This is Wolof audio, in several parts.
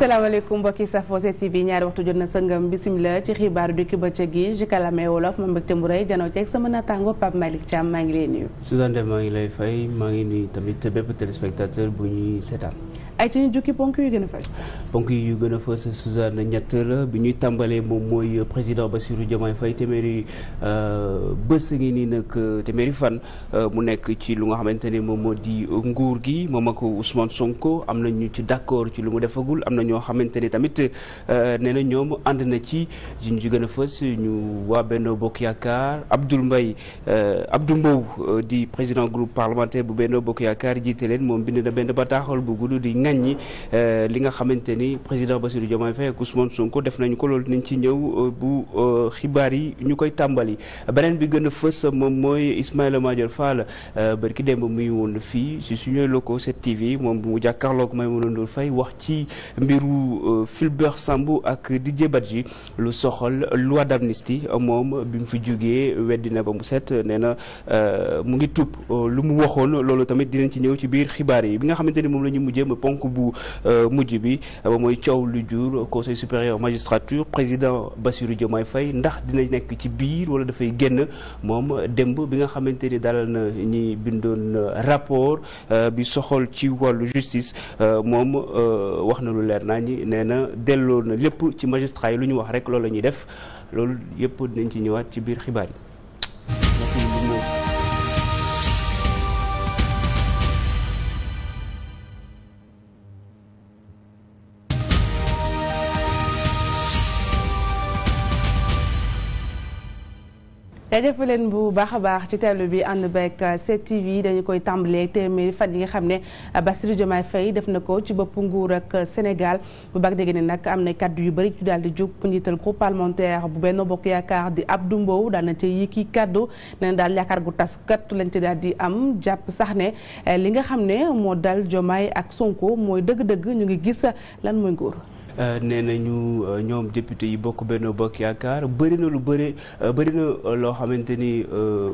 asalaamaaleykum mbokki safo bi ñaari waxtu jot na sëngam bisimila ci xibaaru dikki bëccëg gi jikalaamee wolof ma mbégte mu rëy janoo ceeg sama naataango Pape Malick Thiam maa ngi lay nuyu Suzanne maa ngi lay fay maa ngi nuyu tamit bépp téléspectateur bu ñuy seetaan ay ci ñu jukki ponk yu gën a fës. ponk yu gën a fës Suzanne ñett la bi ñuy tàmbalee moom mooy président Bassirou fay Faye téeméeri euh, bés ngi nii nag euh, téeméeri fan euh, mu nekk ci lu nga xamante ne moom moo di nguur gi moom ak Ousmane Sonko am na ñu ci d'accord ci lu mu defagul am na ñoo xamante ne tamit nee na ñoom ànd na ci ñu ci gën a fës ñu waa benn Bokk Yaakaar Abdoul Mbaye Abdou Mbow di président groupe parlementaire bu Benno Bokk Yaakaar jiite leen moom bind na benn bataaxal bu gudd ŋàññi euh, li nga xamante ni président Bassirou Diomaye Faye ak Ousmane Sonko def nañu ko loolu nañ ci ñëw euh, bu euh, xibaar yi ñu koy tàmbali beneen bi gën a fës moom mooy Ismaïla Madior Fall bërki démb muy woon fii si suñuy locaux 7TV moom bu mu jàkkaarloog Maïmouna Ndour Faye wax ci mbiru Fulbert Sambou ak Didier Badji lu soxal loi d'amnistie moom bi mu fi jógee weddi ba mu set nee na mu ngi tuub lu mu waxoon loolu tamit dinañ ci ñëw ci biir xibaar yi bi nga xamante tënk bu euh, mujj bi mooy coow lu jur conseil supérieur magistrature président Bassirou Diomaye Faye ndax dina nekk ci biir wala dafay génn moom démb bi nga xamante ni dalal na ñi bindoon rapport euh, bi soxol ci wàllu justice euh, moom wax na lu leer naa ñi nee na delloo na lépp ci magistrat yi lu ñu wax rek loolu la ñuy def loolu yëpp dinañ ci ñëwaat ci biir xibaar yi jaajëfal leen bu baax a baax ci teelu bi ànd beeg 7TV dañu koy tàmbalee téeméeri fan yi nga xam ne Bassirou Diomaye Faye def na ko ci bopp nguur ak Sénégal bu baax dégg ne nag am na kaddu yu bëri ci daal di jug njiital groupe parlementaire bu Benno Bokk Yaakaar di Abdou Mbow daal na ca kii kaddu nee na daal yaakaar gu tas kat lañ ci daal di am jàpp sax ne eh, li nga xam ne moo dal Diomaye ak Sonko mooy dëgg-dëgg ñu ngi gis lan mooy nguur. Euh, nee nañu euh, ñoom député yi bokk Benno Bokk Yaakaar bëri na lu bëri euh, bëri na loo xamante ni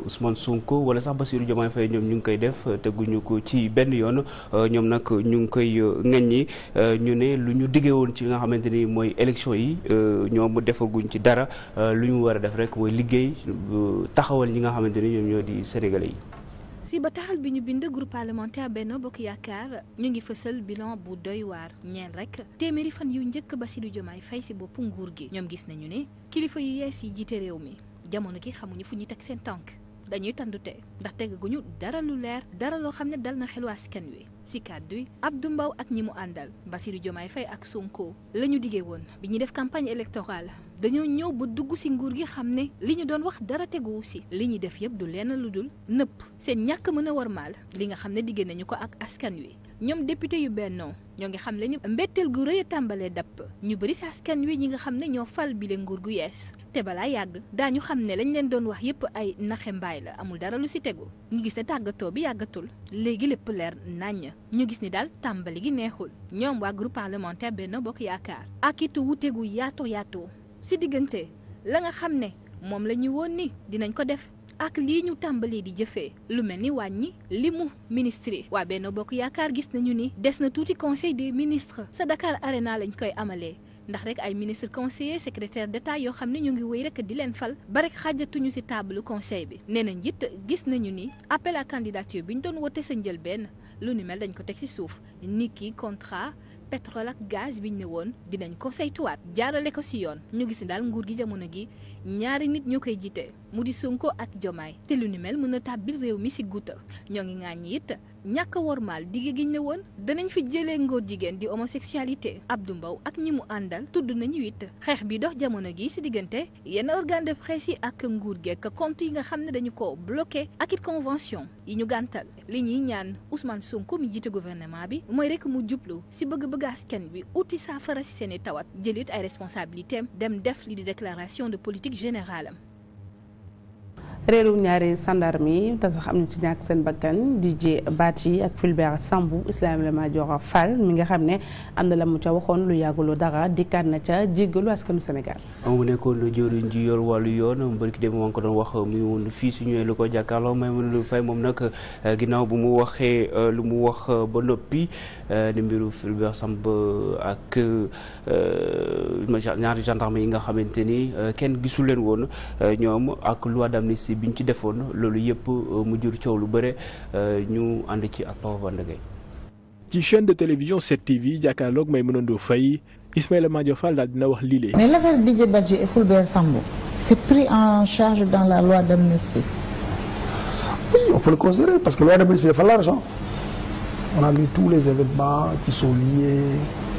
Ousmane sunko wala sax Bassirou Diomaye Faye ñoom ñu ngi koy def teguñu ko ci benn yoon ñoom nag ñu ngi koy ŋaññi ñu ne lu ñu diggee woon ci li nga xamante ni mooy élection yi ñoom defaguñ ci dara lu ñu war a def rek mooy liggéey taxawal ñi nga xamante ni ñoom ñoo di sénégalais yi. si ba taxal bi ñu bind groupe parlementaire Benno Bokk Yaakaar ñu ngi fësal bilan bu doy waar ñeel rek téeméeri fan yu njëkk ba Bassirou Diomaye Faye si boppu nguur gi ñoom gis nañu ni kilifa yu yees yi jiite réew mi jamono gi xamuñu fu ñuy teg seen tànk dañuy tandute ndax ñu dara lu leer dara loo xam ne dal na xelu askan wi si kàddu yi Abdou Mbow ak ñi mu àndal Bassirou Diomaye Faye ak Sonko la ñu diggee woon bi ñuy def campagne électorale dañoo ñëw ba dugg si nguur gi xam ne li ñu doon wax dara teguwu si li ñuy def yëpp du lenn lu dul nëpp seen ñàkk mën a warmaal li nga xam ne diggee nañu ko ak askan wi ñoom député yu bennoo ñoo ngi xam le ni mbetteel gu rëy a tàmbalee dapp ñu bëri saaskan askan wi ñi nga xam ne ñoo fal bile nguur gu yees te balaa yàgg daañu xam ne lañ leen doon wax yépp ay naxe mbaay la amul dara lu si tegu ñu gis ne tàggatoo bi yàggatul léegi lépp leer naññ ñu gis ni daal tàmbali gi neexul ñoom waa groupe parlementaire Benno Bokk Yaakaar ak itu wutegu yaatoo yaato si diggante la nga xam ne moom la ñu woon ni dinañ ko def ak lii ñu tàmbalee di jëfee lu mel ni wàññi li mu ministre waa benn bokk yaakaar gis nañu ni des na tuuti conseil des ministres sa Dakar Arena lañ koy amalee ndax rek ay ministre conseiller secrétaire d'état yoo xam ne ñu ngi wéy rek di leen fal ba rek xaajatuñu ci taabalu conseil bi nee na njiit gis nañu ni appel à bi ñu doon wote sa benn lu ni mel dañ ko teg ci suuf ni ki contrat pétrole ak gaz biñ ne woon dinañ ko saytuwaat jaarale ko ci yoon ñu gis ni daal nguur gi jamono gi ñaari nit ñoo koy jiite mu di Sonko ak Jomaay te lu ni mel mën a tàbbil réew mi ci guuta ñoo ngi ŋàññi it ñàkk a wormaal dige giñ ne woon danañ fi jëlee ngóor jigéen di homosexualité Abdou Mbow ak ñi mu àndal tudd nañu it xeex bi dox jamono gi si diggante yenn organe de presse yi ak nguur geek compte yi nga xam ne dañu ko bloqué ak it convention yi ñu gàntal li ñuy ñaan Ousmane Sonko mi jiite gouvernement bi mooy rekk mu jublu si bëgg-bëgg askan bi uti saafara si seeni tawat jëlit ay responsabilité dem def li di déclaration de politique générale am réerum ñaari sandarme yi te sax am na ci ñàkk seen bakkan di baat yi ak Fulbert Sambou Ismaïla Madior fal mi nga xam ne am na la mu ca waxoon lu yàggulu dara dikkaat na ca jéggalu askanu Sénégal mu nekkoon jëriñ ji yor wàllu yoon bërki dem maa ngi ko doon wax muy woon su ñëwee lu ko jàkkaarloo may mën lu moom nag euh, ginnaaw bu mu waxee euh, lu mu wax euh, ba noppi ni mbiru Fulbert Sambou ak ñaari gendarme yi nga xamante ni kenn gisul leen woon ñoom ak loi d'amnistie bi ñu ci defoon loolu yëpp euh, mu jur coow lu bëre euh, ñu ànd ci ak Papa Banda Gaye ci chaîne de télévision 7TV jàkkaarloog Maïmouna Ndour Faye Ismaïla Madior Fall daal dina wax lii mais l'affaire Didier Badji et Fulbert Sambou c'est pris en charge dans la loi d'amnistie. on peut le parce que loi d'amnistie dafa large on a les événements qui sont liés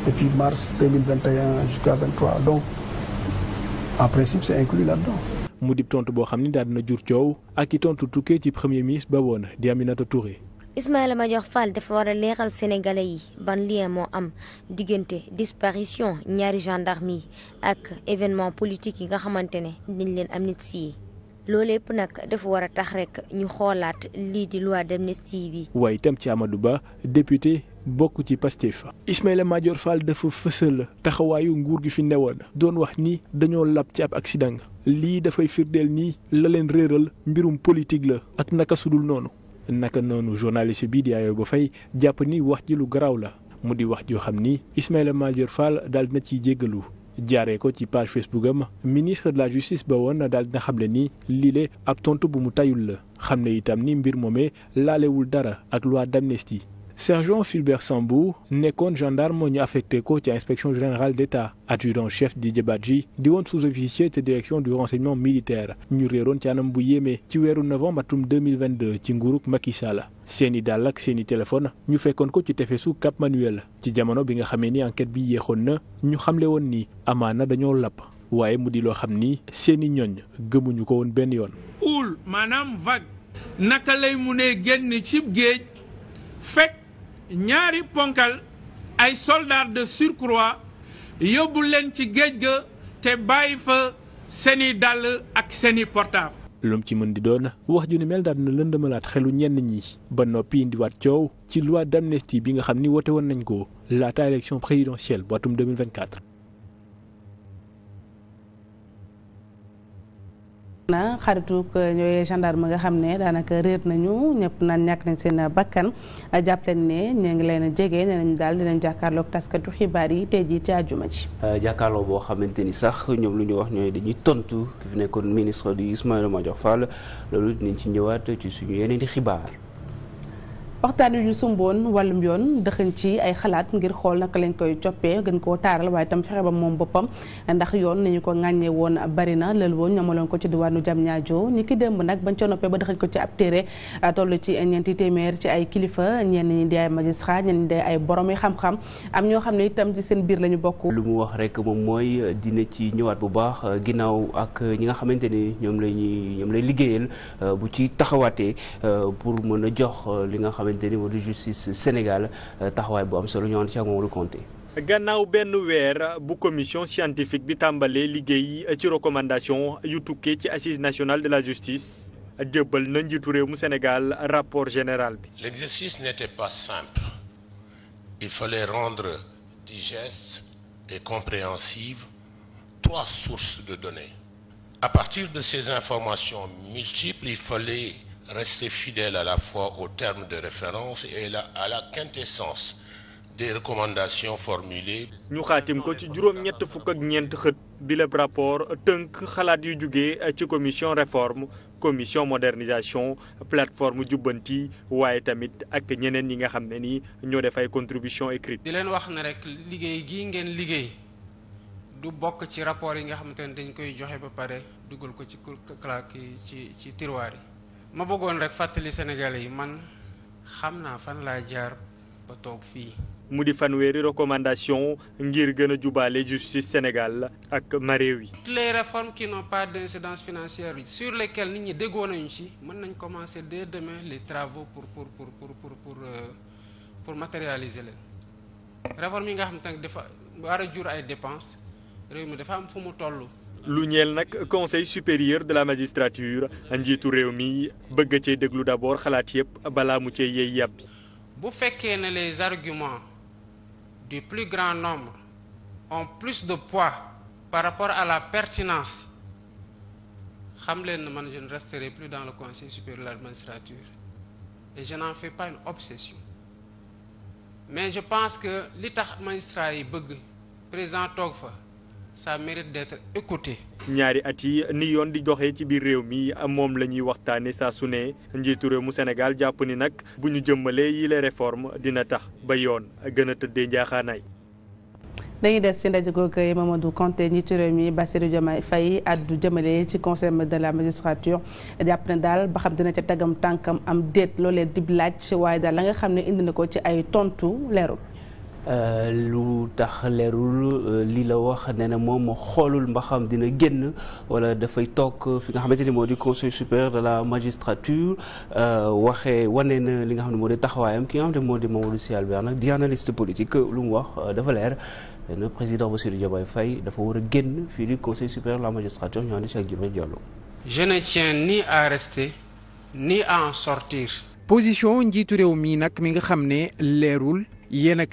depuis mars 2021 jusqu'à donc en principe c'est inclus là-dedans. mu dib tontu boo xam ni daal na jur coow ak i tontu tukkee ci premier ministre ba woon di Aminata Touré. Ismaïla jox Fall dafa war a leeral sénégalais yi ban lien moo am diggante disparition ñaari gendarme yi ak événement politique yi nga xamante ne dañ leen am amnistie loolu yëpp nag dafa war a tax rek ñu xoolaat li di loi d'amnistie bi. waaye itam ci Amadou Ba député. bokk ci Pastef Ismaïla Madior Fall dafa fësal taxawaayu nguur gi fi newoon doon wax ni dañoo lab ci ab accident lii dafay firndeel nii la leen réeral mbirum politique la ak naka sudul noonu naka noonu journaliste bii di ba fay jàpp ni wax ji lu garaaw la mu di wax joo xam ni Ismaïla Madior Fall daal dina ci jéggalu jaaree ko ci page Facebook am ministre de la justice ba woon daal dina xamle ni lile ab tontu bu mu tayul la xam ne itam ni mbir moomee laalewul dara ak loi sergent Fulbert Sambou nekkoon gendarme ñu affecté ko ci inspection générale d'État adjudant chef Didier Badji di woon sous-officier te direction du renseignement militaire ñu réeroon ci anam bu yéeme ci weeru novembre atum 2022 ci nguuruk Macky Sall seeni dàll ak seeni téléphone ñu fekkoon ko ci tefesu Cap Manuel ci jamono bi nga xamee ni enquête bi yéexoon na ñu xamle woon ni amaana dañoo lapp waaye mu di loo xam ni seeni ñoñ gëmuñu ko woon benn yoon. uul maanaam vague. naka lay munee génn ñaari ponkal ay soldats de surcroît yóbbu leen ci géej ga te bàyyi fa seeni dàll ak seeni portable. lum ci mën di doon wax ju ni mel daal na lëndëmalaat xelu ñenn ñi ba noppi indiwaat coow ci loi d'amnistie bi nga xam ni woote woon nañ ko laata élection présidentielle bu atum 2024. na xaritu eh, ñooy gendarme nga xam ne daanaka réer nañu ñëpp naan ñàkk nañ seen bakkan eh, jàpp leen ne ñu ngi leen a jege nee nañu daal dinañ jàkkaarloog taskatu xibaar yi tey jii ci àjjuma ji. Eh, jàkkaarloo boo xamante ni sax ñoom lu ñu wax ñoo ñooy dañuy tontu ki fi nekkoon ministre du ma jox fal loolu dinañ ci ñëwaat ci suñu yeneen i xibaar. waxtaan wi ñu sumboon wàllum yoon dëxëñ ci ay xalaat ngir xool naka lañ koy coppee gën koo taaral waaye itam fexe ba moom boppam ndax yoon nañu ko ŋàññee woon bari na lël woon ñamaloon ko ci diwaanu Diamniadio ni ki démb nag bañ ca noppee ba dëxëñ ko ci ab téere toll ci ñeenti téeméer ci ay kilifa ñenn ñi di ay magistrat ñenn ñi ay borom yi xam-xam am ñoo xam ne itam ci seen biir la ñu bokk. lu mu wax rek moom mooy dina ci ñëwaat bu baax ginnaaw ak ñi nga xamante ni ñoom la ñuy ñoom lay liggéeyal bu ci taxawaatee pour mën a jox li nga xam xamante ni moo di justice Sénégal euh, taxawaay bu am solo ñu gannaaw benn weer bu commission scientifique bi tàmbalee liggéey ci recommandation yu tukkee ci assise nationale de la justice jébbal na njiitu mu Sénégal rapport général bi. l'exercice n'était pas simple il fallait rendre digeste et compréhensive trois sources de données à partir de ces informations multiples il fallait rester fidèle à la fois aux termes de référence et à la quintessence des recommandations formulées. ñu xaatim ko ci juróom-ñett fukk ak ñeent xët bileb rapport tënk xalaat yu jóge ci commission réforme commission modernisation plateforme jubbanti waaye tamit ak ñeneen ñi nga xam ne ni ñoo def ay contribution écrite di leen wax na rek liggéey gii ngeen liggéey du bokk ci rapport yi nga xamante ne dañ koy joxe ba pare dugal ko ci claque ci ci tirwaar yi ma bëggoon rek fàttali Sénégalais yi man xam naa fan laa jaar ba toog fii. mu di fan fanweeri recommandation ngir gën a jubaale justice Sénégal la ak maréew yi. toutes les réformes qui n'ont pas d'incidence financière sur lesquelles nit ñi déggoo nañu ci mën nañ commencer dès demain les travaux pour pour pour pour pour pour euh, pour matérialiser leen réforme yi nga xam te dafa war a jur ay dépenses réew mi dafa am fu mu toll. lu ñeel nag conseil supérieur de la magistrature njiitu réew mi bëgg cee déglu d'abord xalaat yëpp balaa mu cee yey yàbbi bu fekkee ne les arguments du plus grand nombre ont plus de poids par rapport à la pertinance xam leen ne man je ne resterai plus dans le conseil supérieur de la magistrature je n'en fais pas une obsession mais je pense que li tax magistrat yi bëgg président toog fa ça mérite d'être ñaari at yi ni yoon di joxe ci biir réew mi moom la ñuy waxtaanee saa su ne njiitu réew mu senegal jàpp ni nag bu ñu jëmmalee yile réforme dina tax ba yoon gën a tëddee njaaxaanaay. dañuy des ci ndaje googu Mamadou Kanté ñi ci réew mi Bassirou Diomaye Faye addu jëmale ci conseil de la magistrature jàpp ne daal ba xam dina ca tegam tànkam am déet loolee dib laaj waaye daal la nga xam ne indi na ko ci ay tontu leerul. Euh, lu tax leerul euh, li la wax nee na moom xoolul mba xam dina génn wala dafay toog fi nga xamante ni moo di conseil supérieur de la magistrature euh, waxee wane na li nga xam ne moo di taxawaayam ki nga xam ne moo di Mamadou si Albert nag di analyste politique lu mu wax dafa leer ne président Bassirou Diomaye fay dafa war a génn fii di conseil supérieur de la magistrature ñu ànd si ak Djibril Diallo. Je tiens ni à rester ni à sortir. position njiitu réew mii nag mi nga xam ne leerul yéen a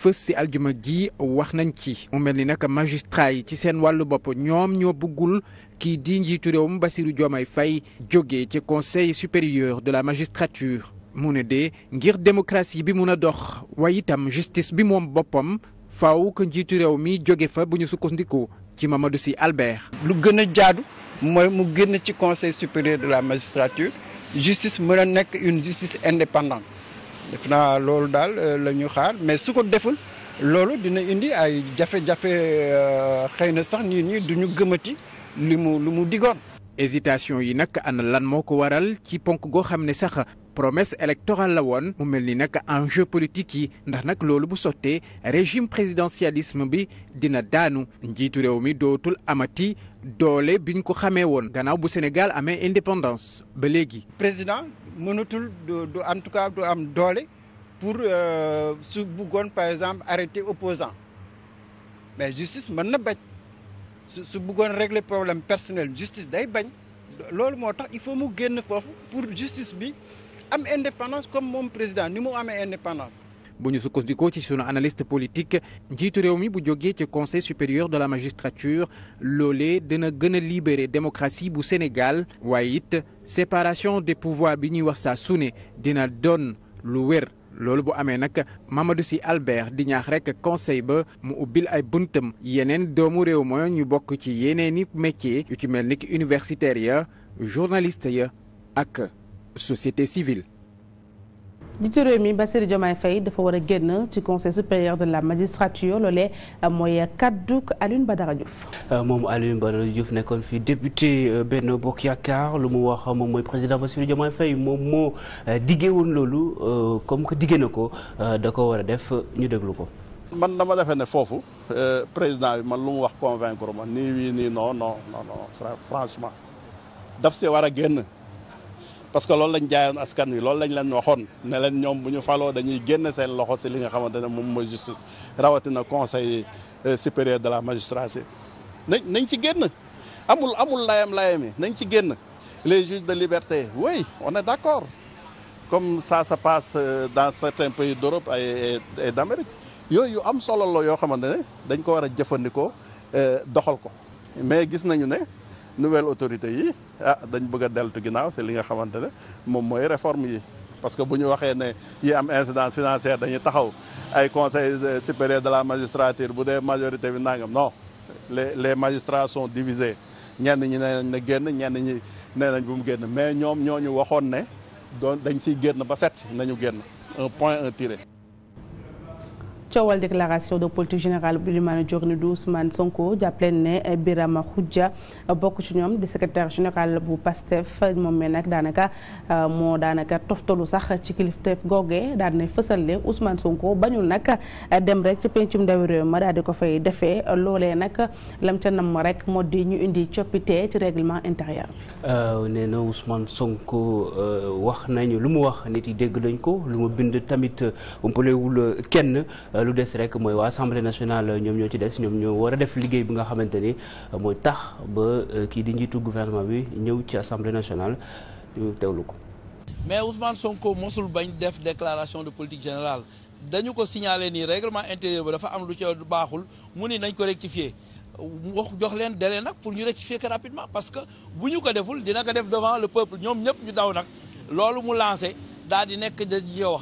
fës si aljuma ji wax nañ ci mu mel ni nag magistrat yi ci seen wàllu bopp ñoom ñoo bëggul kii di njiitu réew réewum Bassirou ay fay jóge ci conseil supérieur de la magistrature mu ne de ngir démocratie bi mun a dox waaye itam justice bi moom boppam faw ko njiitu réew mi jóge fa bu ñu sukkandiku ci Mamadou Sy Albert. lu gën a jaadu mooy mu génn ci conseil supérieur de la magistrature. justice mën a nekk une justice indépendante def naa loolu daal euh, la ñu xaar mais su ko deful loolu dina indi ay jafe-jafe euh, xëy na sax nit ñi duñu gëmati li mu li mu digoon. hésitation yi nag ana lan moo ko waral ci ponk goo xam ne sax promesse électorale la woon mu mel ni nag enjeu politique yi ndax nag loolu bu sottee régime présidentialisme bi dina daanu njiitu réew mi dootul amati. doole bi ñu ko xamee woon gannaaw bu Sénégal amee indépendance ba léegi. président mënatul du en tout cas du am doole pour euh, su buggoon par exemple arrêter opposant mais justice mën na bañ su su buggoon régler problème personnel justice day bañ loolu moo tax il faut mu génn foofu pour justice bi am indépendance comme moom président ni mu amee indépendance. bu ñu sukkandikoo ci sunu analyste politique njiitu réew mi bu jogee ci conseil supérieur de la magistrature loolee dina gën a libérer démocratie bu Sénégal waaye it séparation des pouvoirs bi ñuy wax saa su ne dina doon lu wér. loolu bu amee nag Mamadou Sy Albert di ñaax rek conseil ba mu ubbil ay buntam yeneen doomu réew ma ñu bokk ci yeneen i métier yu ci mel ni ki universitaire ya journaliste ya ak société civile jiitu réew mi Bassirou Diomaye fay dafa war a génn ci conseil supérieur de la magistrature loolee euh, mooy kadduk Alioune Badara Diouf. Euh, moom Alioune Badara Diouf nekkoon fi député euh, Benno Bokk Yaakaar lu mu wax moom mooy président Bassirou Diomaye fay moom moo diggee woon loolu comme que diggee na ko da ko war a def ñu déglu ko. man dama defee ne foofu président bi man lu mu wax convaincre ma nii wii nii non non non non franchement daf see war a génn. parce que loolu lañ jaayoon askan wi loolu lañ leen waxoon ne leen ñoom bu ñu faloo dañuy génn seen loxo si li nga xamante ne moom mooy justice rawatina conseil euh, supérieur de la magistrature nañ nañ si génn amul amul layam layam yi nañ ci génn les juges de liberté oui on est d'accord comme ça se passe euh, dans certains pays d'Europe et d'Amérique yooyu yu am solo la yoo xamante ne dañ ko war a jëfandikoo euh, doxal ko mais gis nañu ne nouvelle autorité yi ah dañ bëgg a deltu ginnaaw si li nga xamante ne moom mooy réforme yi parce que bu ñu waxee ne yi am incidence financière dañuy taxaw ay conseil supérieur de la magistrature bu dee majorité bi nangam non les les magistrats sont divisés ñi nee nañ na génn ñenn ñi nee nañ bu mu génn mais ñoom ñoo ñu waxoon ne doon dañ siy génn ba set si nañu génn un point un tiré coowal déclaration de politique générale bu Elimane Diorny du Ousmane Sonko jàppaleen ne Birama Khoudia bokk ci ñoom di secrétaire général bu PASTEF moom mi nag daanaka euh, moo daanaka toftalu sax ci kilifteef googee daan na fësal ne Ousmane Sonko bañul nag dem rek ci pencum ndawi réew ma daal ko fay defee loolee nag lam ca nam rek moo di ñu indi coppite ci règlement intérieur. Euh, nee na Ousmane Sonko euh, wax nañu lu mu wax nit yi dégg nañ ko lu mu bind tamit umpalewul kenn. Euh, lu des rek mooy waa assemblée nationale ñoom ñoo ci des ñoom ñoo war a def liggéey bi nga xamante ni euh, mooy tax ba euh, kii di njiitu gouvernement bi ñëw ci assemblée nationale ñu teewlu ko. mais Ousmane Sonko mosul bañ def déclaration de politique générale dañu ko signalé nii règlement intérieur ba dafa am lu ci baaxul mu ni nañ ko rectifier wax jox leen délai nag pour ñu rectifier que rapidement parce que bu ñu ko deful dina ko def devant le peuple ñoom ñëpp ñu daw nag mu lancé daal di nekk da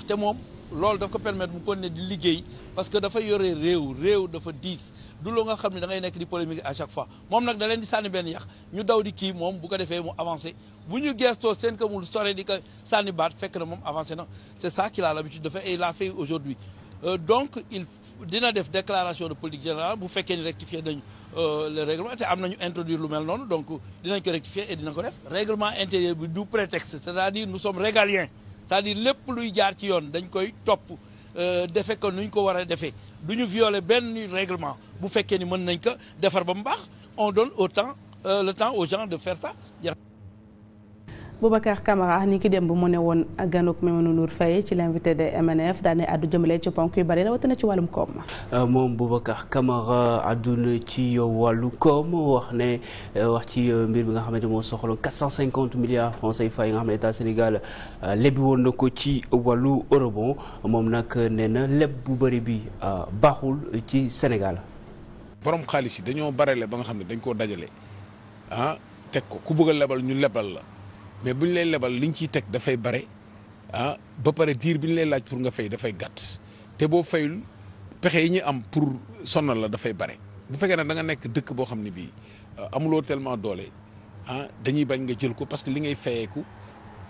te moom. loolu daf ko permettre mu continuer di liggéey parce que dafa yore réew réew dafa diis du loo nga xam ne da ngay nekk di polémique à chaque fois moom nag da leen di sànni benn yàq ñu daw di kii moom bu ko defee mu avancé bu ñu geestoo seen ko mu sore di ko sànni baat fekk na moom avancé na c'est ça qu'il a l'habitude de faire et il l'a fait aujourd'hui euh, donc il dina def déclaration de politique générale bu fekkee ni rectifier nañu euh, le règlement te am nañu introduire lu mel noonu donc dinañ ko rectifier et dina ko def règlement intérieur bi du prétexte c'est-à-dire nous sommes régaliens c'est-à-dire lépp luy jaar ci yoon dañ koy topp euh, defe ko ñu ko war a defee du ñu violer benn réglement bu fekkee ni mën nañ ko defar ba mu baax on donne autant euh, le temps au gens de faire ça Boubacar Camara ni ki démb mu ne woon ganuk Maimouna Ndour Faye ci l'invité de MNF daane addu jëmale ci ponk yu bari rawatina ci wàllum koom. Euh, moom Boubacar Camara àdduna ci wàllu koom wax ne euh, wax ci euh, mbir bi nga xamante moo soxla 450 milliards francs CFA yi nga xam ne état Sénégal lebi woon na ko ci wàllu eurobond moom nag nee na leb bu bari bi baaxul ci Sénégal. boroom xaalis yi dañoo barele ba nga xam ne dañ koo dajale ah, teg ko ku bëgg a ñu lebal la. mais bu ñu lay lebal li ñu ciy teg dafay bare ah ba pare diir bi ñu lay laaj pour nga fay dafay gàtt te boo fayul pexe yi ñu am pour sonal la dafay bare bu fekkee ne da nga nekk dëkk boo xam ne bii ah, amuloo tellement doole ah dañuy bañ nga jël ko parce que li ngay fayeeku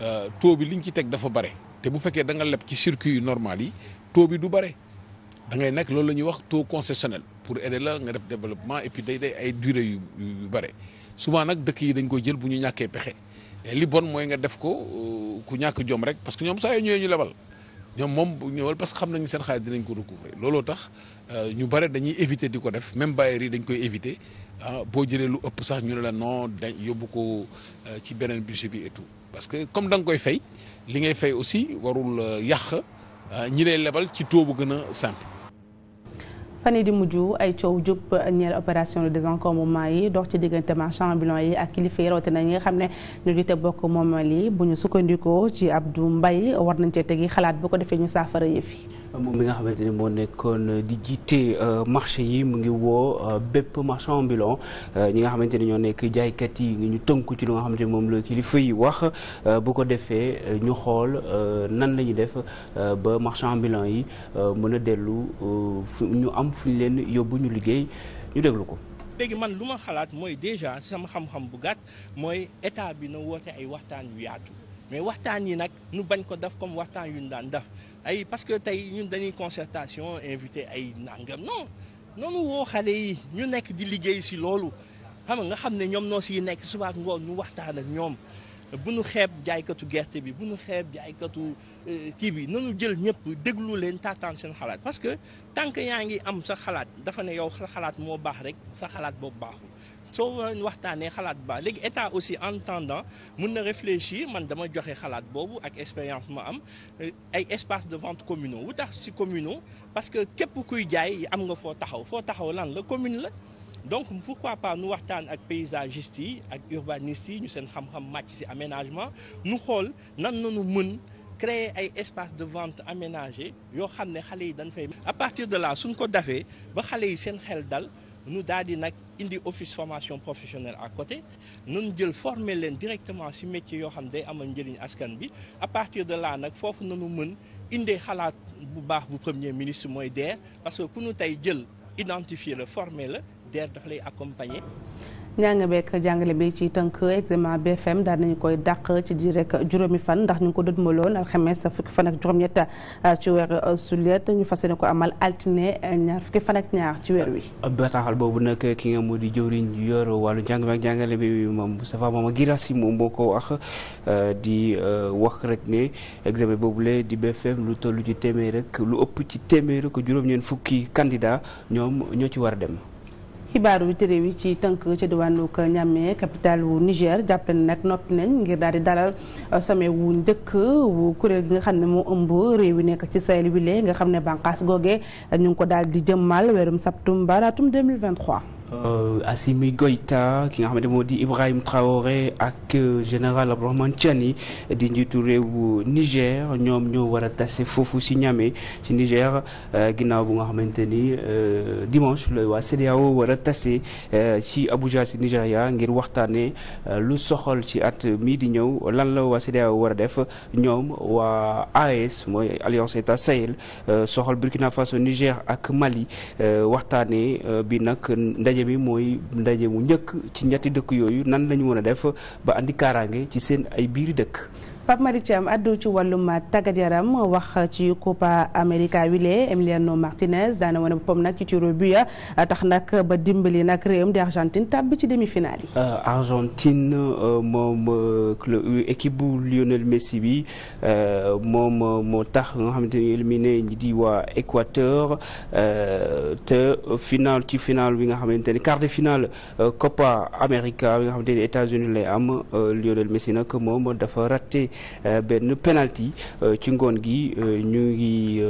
ah, taux bi liñ ci teg dafa bare te bu fekkee da nga leb ci circuit yu normal yi taux bi du bare da ngay nekk loolu la ñuy wax taux concessionnel pour aider la nga def développement et puis day day ay durée yu yu bare souvent nag dëkk yi dañ koy jël bu ñu ñàkkee pexe. li bon mooy nga def ko euh, ku ñàkk jom rek parce que ñoom sax yoo ñu lebal ñoom moom ñëwal parce que xam nañu seen xaalis dinañ ko recouvrer looloo tax euh, ñu bare dañuy éviter di ko def même bailleurs yi dañ koy éviter ah boo jëlee lu ëpp sax ñu ne la non dañ yóbbu ko euh, ci beneen budget bi et tout parce que comme danga koy fay li ngay fay aussi warul yàq ñi lay lebal ci taux bu gën a simple. fan yi di mujj ay coow jub ñeel opération de désencombrement yi dox ci diggante marchand ambulant yi ak kilifa yi rawatina ñi nga xam ne ñu jiite bokk moomeel yi bu ñu sukkandikoo ci ab Abdou mbay war nañ cee tegi xalaat bu ko defee ñu saafara yëf yi moom mi nga xamante ne moo nekkoon euh, di jiite euh, marché yi mu ngi woo euh, bépp marchand ambulant ñi nga xamante ne ñoo nekk jaaykat yi ngi ñu tënku ci lu nga xamante ni moom la kilifa yi wax bu ko defee ñu xool nan lañu def ba marchand ambulant yi mën a dellu fu ñu am fu ñu leen yóbbu ñu liggéey ñu déglu ko. léegi man lu ma xalaat mooy déjà sama xam-xam bu gàtt mooy état bi na woote ay waxtaan yu yaatu mais waxtaan yi nag nu bañ ko def comme waxtaan yu ñu daan def ay parce que tey ñun dañuy consertation invité ay nangam non noonu woo xale yi ñu nekk di liggéey si loolu xam nga xam ne ñoom noo siy nekk suba ak ngoon ñu waxtaan ak ñoom bu nu xeeb jaaykatu gerte bi bu nu xeeb jaaykatu euh, kii bi nanu jël ñëpp déglu leen taataan seen xalaat parce que tant yaa ngi am sa xalaat dafa ne yow sa xalaat moo baax rek sa xalaat boobu baaxul. soo waroon waxtaanee xalaat ba léegi état aussi entendant tendant mun na réfléchir man dama joxe xalaat boobu ak expérience ma am euh, ay espace de vente communaux wu tax si communaux parce que képp kuy jaay am nga foo taxaw foo taxaw lan la commune la donc pourquoi pas nu waxtaan ak paysagiste yi ak urbaniste yi ñu seen xam-xam màcc si aménagement nu xool nan nanu mën créer ay espace de vente aménagé yoo xam ne xale yi dañ fay à partir de là suñ ko dafee ba xale yi seen xel dal nu daal di nag indi office formation professionnelle à côté noonu jël former leen directement si métier yoo xam ne day amal njëriñ askan bi à partir de là nag foofu nanu mën indee xalaat bu baax bu premier ministre mooy DER parce que ku nu tey jël identifier la former la DER dafa lay accompagner njàng beek jàngale bi ci tënk examen BFM daal nañu koy dàq ci di rek juróomi fan ndax ñu ngi ko dëdmaloon alxames fukki fan ak juróom-ñett ah, ci weer sulet euh, ñu fas yéene ko amal altine euh, ñaar fukki ak ñaar ci weer wi. bataaxal boobu nag ki nga moo di jëwriñ yor wàllu njàng jàngale bi moom Moustapha Mama Guirassy moom moo ko wax euh, di wax rek ne examen boobule di BFM lu toll ci téeméer rek lu ëpp ci téeméer ak juróom-ñeent fukki candidat ñoom ñoo ci war a dem. xibaaru bi tëréew yi ci tënk ca diwaanu Niamey capitale wu Niger jàpp ne nag noppi nañ ngir daal di dalal euh, sommet wu njëkk wu kuréel gi nga xam ne moo ëmb réew yi nekk ci Sahel wile nga xam ne bànqaas googee ñu ngi ko daal di jëmmal weerum septembre atum 2023 Euh, Assimi Goïta ki nga xamante moo di Ibrahim Traoré ak euh, général Abdourahmane Tiani di njiitu réew bu Niger ñoom ñoo war a tase foofu si Niamey ci Niger euh, ginnaaw bu nga xamante ni dimanche looy waa CEDEAO war tase ci Abuja si Nigeria ngir waxtaanee lu soxal ci at mii di ñëw lan la waa CEDEAO war a def ñoom waa AES mooy Alliance État Sahel soxal Burkina Faso Niger ak Mali waxtaanee bi nag ndaje ndaje bi mooy ndaje mu njëkk ci ñetti dëkk yooyu nan lañu ñu mën a def ba andi kaaraange ci seen ay biiri dëkk Pape Mari addu ci wàllum tàggat yaram wax ci Copa America wile Emiliano Martinez daana wane pom nag ci tiro bu a tax nag ba dimbali nag réewam di Argentine tàbbi ci demi-finale yi. Euh, Argentine euh, moom euh, équipe bu Lionel Messi bi moom moo tax nga xamante ni éliminé ñi di waa Équateur te final ci final bi nga xamante ni quart de finale Copa America bi nga xamante ni États-Unis lay am Lionel Messi nag moom dafa raté. Euh, benn penalty euh, ci ngoon gi euh, ñu ngi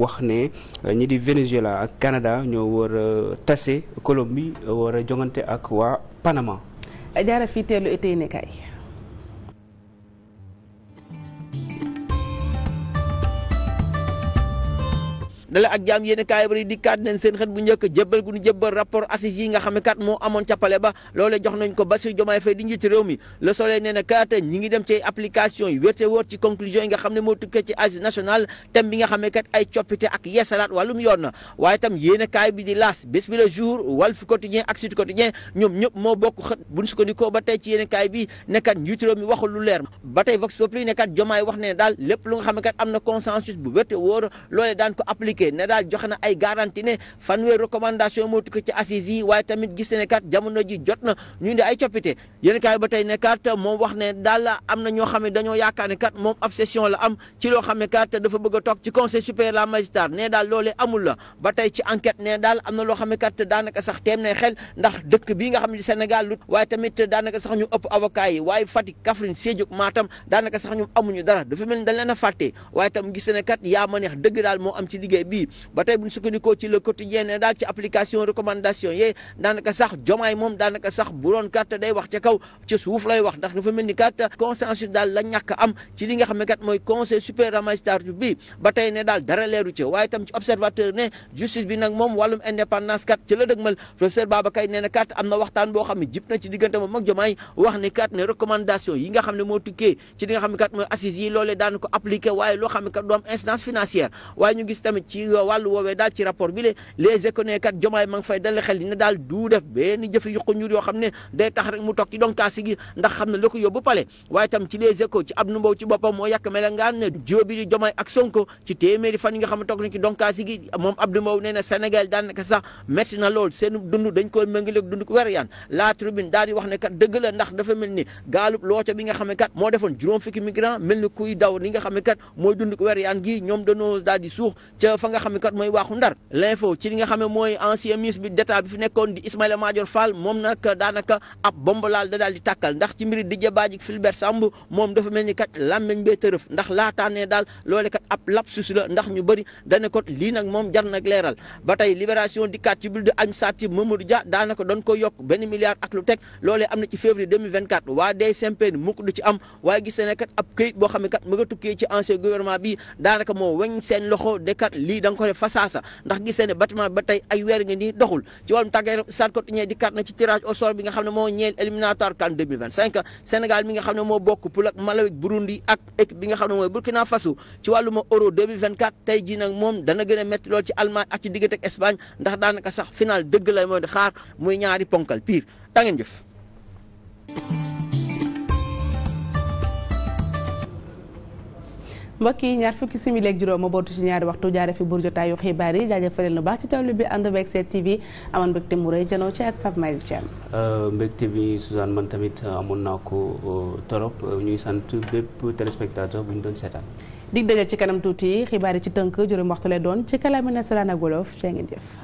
wax ne ñi di Venezuela ak Canada ñoo war a tase Colombie war a jongante ak wa Panama. jaara fii teelu été ne dala ak jaam yéen kaay bari di kaat nañ seen xët bu njëkk jëbbal gu ñu rapport assises nga xam ne moo amoon ca ba loolee jox nañ ko Bassirou Diomaye wax ne daal lépp lu nga xam ne am na consensus bu wérte wóor loolee daan ko appliqué dikkee ne daal joxe na ay garantie ne fanweer recommandation moo tukki ci assises yi waaye tamit gis ne kat jamono ji jot na ñu indi ay ne kat moom wax ne daal am na ñoo xam ne dañoo yaakaar ne kat moom obsession la am ci loo xam ne kat dafa bëgg a toog ci waaye tamit daanaka sax ñu ëpp avocat yi waaye Fatick Kaffrine Sédhiou Matam daanaka sax ñoom amuñu dara dafa mel ni dañ leen a fàtte waaye tam gis ne kat yaa dëgg daal moo am ci liggéey bi ba bu ñu sukkandikoo ci le ne daal ci application recommandation yee daanaka sax jomaay moom daanaka sax bu doon day wax ca kaw ca suuf lay wax ndax dafa mel ni carte consensus daal la ñàkk am ci li xam ne kat mooy conseil supérieur magistrature bi ba ne daal dara leeru ca waaye tam ci observateur ne justice bi nag moom wàllum indépendance kat ci la dëgmal professeur Babacar nee na carte am na waxtaan boo xam ne jib na ci diggante ci wàllu woowee daal ci rapport bi le les économies kat jomaay ma fay dale xel ne daal du def benn jëfe yuqu ñur yoo xam ne day tax rek mu toog ci donkaasi gi ndax xam ne la ko yóbbu pale waaye tam ci les échos ci Abdou Mbow ci boppam moo yàq mel ngaan ne jiw di jomaay ak Sonko ci téeméeri fan yi nga xam ne toog nañ ci donkaasi gi moom Abdou Mbow nee na Sénégal daanaka sax métti na lool seen dund dañ koy méngaleeg dund ko wer yaan la daal di wax ne kat dëgg la ndax dafa mel ni gaalub looto bi nga xam ne kat moo defoon juróom fukki migrant mel ni kuy daw li nga xam ne kat mooy dund ko wer yaan gi ñoom dañoo daal di suux ca fa nga xam ne kat mooy waaxu ndar l'info ci li nga xam ne mooy ancien nekkoon di Ismaïla Madior Fall moom nag daanaka ab bomb laal da daal di tàkkal ndax ci mbiri Didier Badji Fulbert Samb moom dafa mel ni kat làmmeñ bee tërëf ndax laataanee daal loole kat ab lapsus la ndax ñu bëri dane kot lii nag moom jar nag leeral ba tey libération dikkaat ci biir di am na ci février 2024 waa DSMP ni mukk du ci am waaye gis ne ne ci ancien gouvernement bi daanaka moo weñ seen da nga ko def fasaasa ndax gisee ne bâtiment ba tey ay weer nga nii doxul ci wàllum tàggee Stade Côte d'Ivoire dikkaat na ci tirage au sort bi nga xam ne moo ñeel éliminatoire CAN 2025 Sénégal mi nga xam ne moo bokk poule ak Malawi Burundi ak équipe bi nga xam ne mooy Burkina Faso ci wàllum Euro 2024 tey jii nag moom dana gën a métti lool ci Allemagne ak ci diggante ak Espagne ndax daanaka sax final dëgg la mooy di xaar muy ñaari ponkal pire da ngeen mbokk yi ñaar fukki simili ak juróom ma bootu ci ñaari waxtu jaare fi buur jotaayu xibaar yi jaajëfal na baax ci tawlu bi ànd beeg seet TV amoon mbégte mu rëy janoo ci ak Pape Malick Thiam euh, mbégte bi Suzanne man tamit euh, amoon naa ko euh, torop ñuy sant bépp téléspectateur bu ñu doon seetaan dig daje ci kanam tuuti xibaar yi ci tënk juróom waxtu lay doon ci kàllaama nasaraan ak wolof cee ngi def